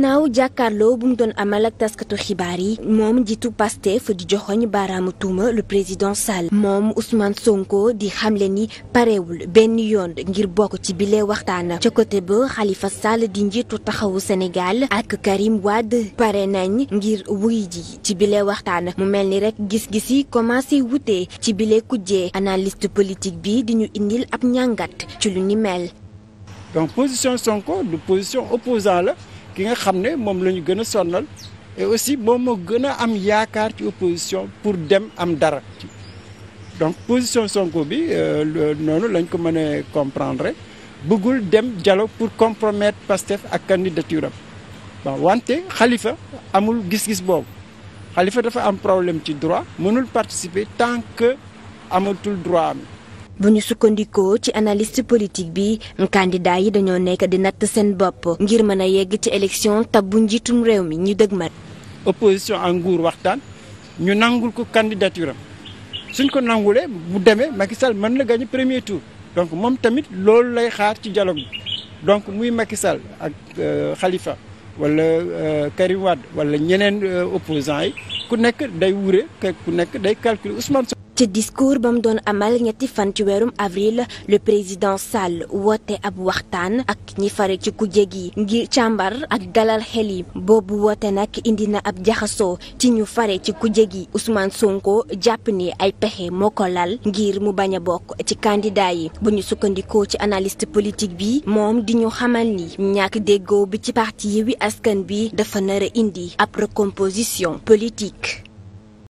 ginnaaw jàkkaarloo bu mu doon amal ak taskatu xibaar yi moom jiitu Pastef di joxoñ baaraamu tuuma lu président Sall moom Ousmane Sonko di xamle ni parewul benn yoon ngir bokk ci bile waxtaan ca côté ba xalifa Sall di njiitu taxawu Sénégal ak Karim Wade pare nañ ngir wuy ji ci bile waxtaan mu mel ni rek gis-gis yi commencé wute ci bile kujjee analist politique bi di ñu indil ab njàngat ci lu ni mel. ki nga xam ne moom la ñu gën a sonnal et aussi moom moo gën a am yaakaar ci opposition pour dem am dara donc position Sonko bi euh, noonu lañ ko mën a comprendre bëggul dem jalo pour compromettre Pastef ak candidature am bon wante xalifa amul gis-gis boobu xalifa dafa am problème ci droit mënul participer tant que amatul droit am bu ñu sukkandikoo ci analyste politique bi candidat yi dañoo nekk di natt seen bopp ngir mën a yegg ci élection tab bu njiitum réew mi ñu dëgmat. opposition ak nguur waxtaan ñu nangul ko candidature am suñ ko nangulee bu demee Macky Sall mën na gagné premier tour donc moom tamit loolu lay xaar ci dialogue donc muy Macky Sall ak euh, Khalifa wala euh, Karim Wade wala ñeneen euh, opposants yi ku nekk day wure ku nekk day calculer Ousmane ci discours ba mu doon amal ñetti fan ci weerum avril le président Sall woote ab waxtaan ak ñi fare ci kuje gi ngir càmbar ak dalal xel yi boobu woote nag indi na ab jaxasoo ci ñu fare ci kuje gi Ousmane Sonko jàpp ni ay pexe moo ngir mu bañ a bokk ci candidat yi bu ñu sukkandikoo ci analyste politique bi moom di ñu xamal ni ñàkk déggoo bi ci parti Yewwi Askan bi dafa nar indi ab recomposition politique.